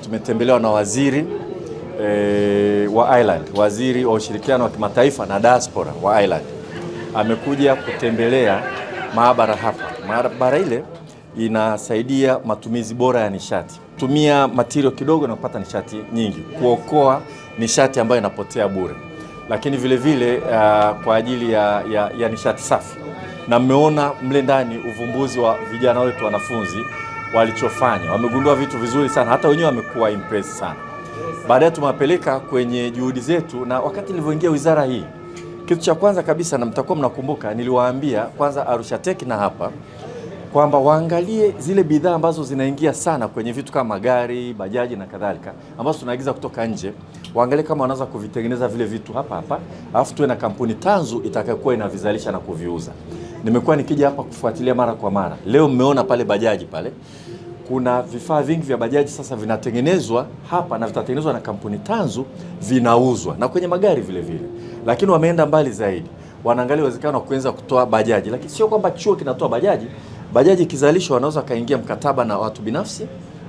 Tumetembelewa na waziri e, wa Ireland, waziri wa ushirikiano wa kimataifa na diaspora wa Ireland amekuja kutembelea maabara hapa. Maabara ile inasaidia matumizi bora ya nishati, tumia material kidogo na kupata nishati nyingi, kuokoa nishati ambayo inapotea bure, lakini vilevile vile, uh, kwa ajili ya, ya, ya nishati safi, na mmeona mle ndani uvumbuzi wa vijana wetu wanafunzi walichofanya. Wamegundua vitu vizuri sana, hata wenyewe wamekuwa impressed sana. Baadaye tumewapeleka kwenye juhudi zetu, na wakati nilivyoingia wizara hii, kitu cha kwanza kabisa, na mtakuwa mnakumbuka, niliwaambia kwanza Arusha Tech na hapa kwamba waangalie zile bidhaa ambazo zinaingia sana kwenye vitu kama magari, bajaji na kadhalika, ambazo tunaagiza kutoka nje, waangalie kama wanaweza kuvitengeneza vile vitu hapa hapa, alafu tuwe na kampuni tanzu itakayokuwa inavizalisha na kuviuza nimekuwa nikija hapa kufuatilia mara kwa mara. Leo mmeona pale bajaji pale, kuna vifaa vingi vya bajaji sasa vinatengenezwa hapa na vitatengenezwa na kampuni tanzu, vinauzwa na kwenye magari vile vile, lakini wameenda mbali zaidi, wanaangalia uwezekano wa kuanza kutoa bajaji, lakini sio kwamba chuo kinatoa bajaji. Bajaji ikizalishwa, wanaweza wakaingia mkataba na watu binafsi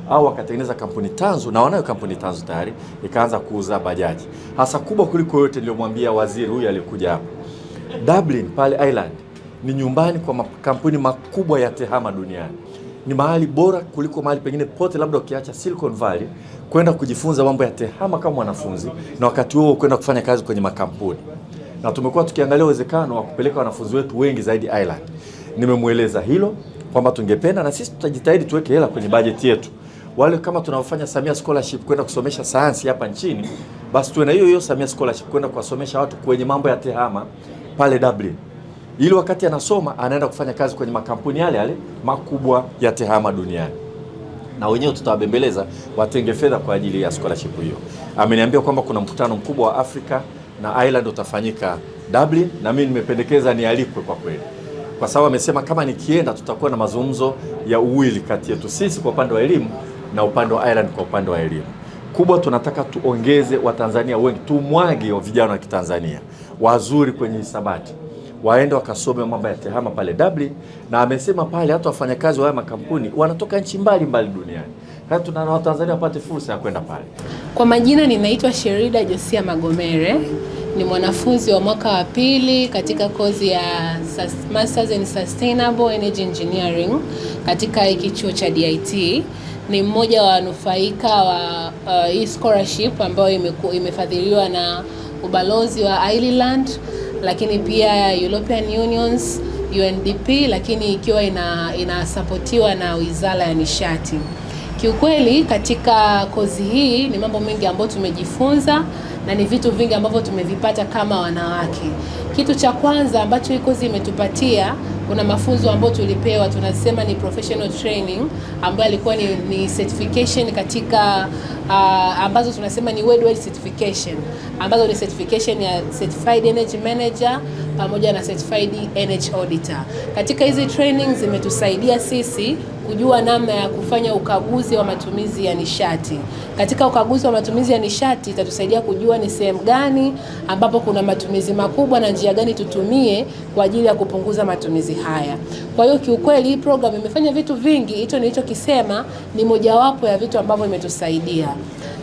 au wakatengeneza kampuni tanzu na wanayo kampuni tanzu tayari, ikaanza kuuza bajaji. Hasa kubwa kuliko yote niliyomwambia waziri huyu aliyekuja hapa Dublin pale Ireland ni nyumbani kwa makampuni makubwa ya tehama duniani. Ni mahali bora kuliko mahali pengine pote, labda ukiacha Silicon Valley, kwenda kujifunza mambo ya tehama kama mwanafunzi, na wakati huo kwenda kufanya kazi kwenye makampuni. Na tumekuwa tukiangalia uwezekano wa kupeleka wanafunzi wetu wengi zaidi Ireland. Nimemweleza hilo kwamba tungependa na sisi tutajitahidi tuweke hela kwenye bajeti yetu, wale kama tunaofanya Samia scholarship kwenda kusomesha sayansi hapa nchini, basi tuwe na hiyo hiyo Samia scholarship kwenda kuwasomesha watu kwenye mambo ya tehama pale Dublin ili wakati anasoma anaenda kufanya kazi kwenye makampuni yale yale makubwa ya tehama duniani, na wenyewe tutawabembeleza watenge fedha kwa ajili ya scholarship hiyo. Ameniambia kwamba kuna mkutano mkubwa wa Afrika na Ireland utafanyika Dublin, na mimi nimependekeza nialikwe kwa kweli, kwa sababu amesema kama nikienda tutakuwa na mazungumzo ya uwili kati yetu sisi kwa upande wa elimu na upande wa Ireland kwa upande wa elimu kubwa tunataka tuongeze Watanzania wengi, tumwage wa vijana wa Kitanzania wazuri kwenye hisabati, waende wakasome mambo ya tehama pale Dublin, na amesema pale hata wafanyakazi wa haya makampuni wanatoka nchi mbalimbali duniani. Hata tuna Watanzania wapate fursa ya kwenda pale. Kwa majina, ninaitwa Sherida Josia Magomere, ni mwanafunzi wa mwaka wa pili katika kozi ya Masters in Sustainable Energy Engineering katika chuo cha DIT. Ni mmoja wa wanufaika wa uh, hii scholarship ambayo imefadhiliwa na ubalozi wa Ireland lakini pia European Unions UNDP, lakini ikiwa ina inasapotiwa na Wizara ya Nishati. Kiukweli katika kozi hii ni mambo mengi ambayo tumejifunza na ni vitu vingi ambavyo tumevipata kama wanawake. Kitu cha kwanza ambacho hii kozi imetupatia kuna mafunzo ambayo tulipewa, tunasema ni professional training ambayo alikuwa ni, ni certification katika uh, ambazo tunasema ni worldwide certification ambazo ni certification ya certified energy manager pamoja na certified energy auditor. Katika hizi training zimetusaidia sisi kujua namna ya kufanya ukaguzi wa matumizi ya nishati. Katika ukaguzi wa matumizi ya nishati itatusaidia kujua ni sehemu gani ambapo kuna matumizi makubwa na njia gani tutumie kwa ajili ya kupunguza matumizi haya. Kwa hiyo kiukweli, hii program imefanya vitu vingi, hicho nilichokisema ni mojawapo ya vitu ambavyo imetusaidia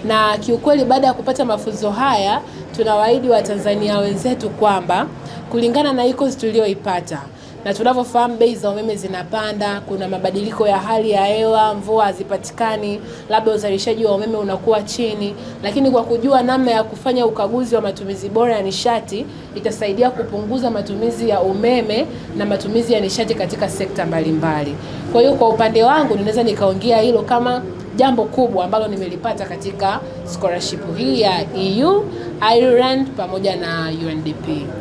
na kiukweli, baada ya kupata mafunzo haya tunawaahidi Watanzania wenzetu kwamba kulingana na ecos tuliyoipata na tunavyofahamu bei za umeme zinapanda, kuna mabadiliko ya hali ya hewa, mvua hazipatikani, labda uzalishaji wa umeme unakuwa chini, lakini kwa kujua namna ya kufanya ukaguzi wa matumizi bora ya nishati itasaidia kupunguza matumizi ya umeme na matumizi ya nishati katika sekta mbalimbali. Kwa hiyo kwa upande wangu ninaweza nikaongea hilo kama jambo kubwa ambalo nimelipata katika scholarship hii ya EU, Ireland pamoja na UNDP.